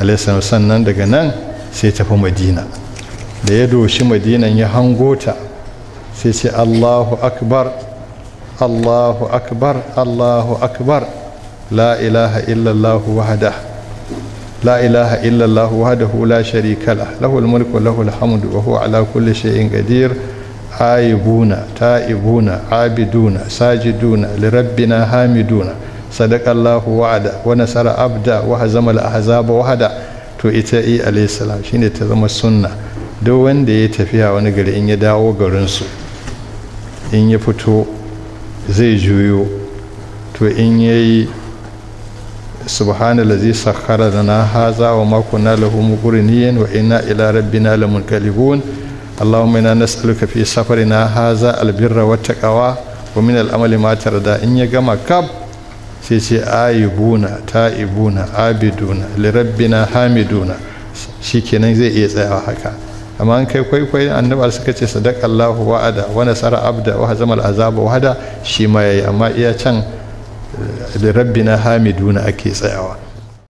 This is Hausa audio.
alaihi sannan daga nan sai tafi madina da ya doshi madinan ya hango ta sai ce allahu akbar allahu akbar allahu akbar la ilaha illallah wahda la ilaha illallah la sharika lah lahul mulku lahul hamdu wa huwa ala kulli shay'in qadir aibuna ta'ibuna abiduna sajiduna lirabbina hamiduna sadaka Allahu wa'ada wa nasara abda wa hazama al-ahzaba wahada to ita i alayhi salam shine ta zama sunna duk wanda ya tafiya wani gari in ya dawo garin su in ya fito zai juyo to in yayi subhanallazi sakhara lana haza wa ma kunna lahu muqrinin wa inna ila rabbina lamunqalibun اللهم انا نسالك في سفرنا هذا البر والتقوى ومن الامل ما ترضى ان يجمع كب sai ce ayibuna ta'ibuna abiduna lirabbina hamiduna shi kenan zai iya tsayawa haka amma an kai kwaikwai annabi suka ce sadaka Allah wa'ada wa nasara abda wa hazama wa wahada shi ma yayi amma iya can lirabbina hamiduna ake tsayawa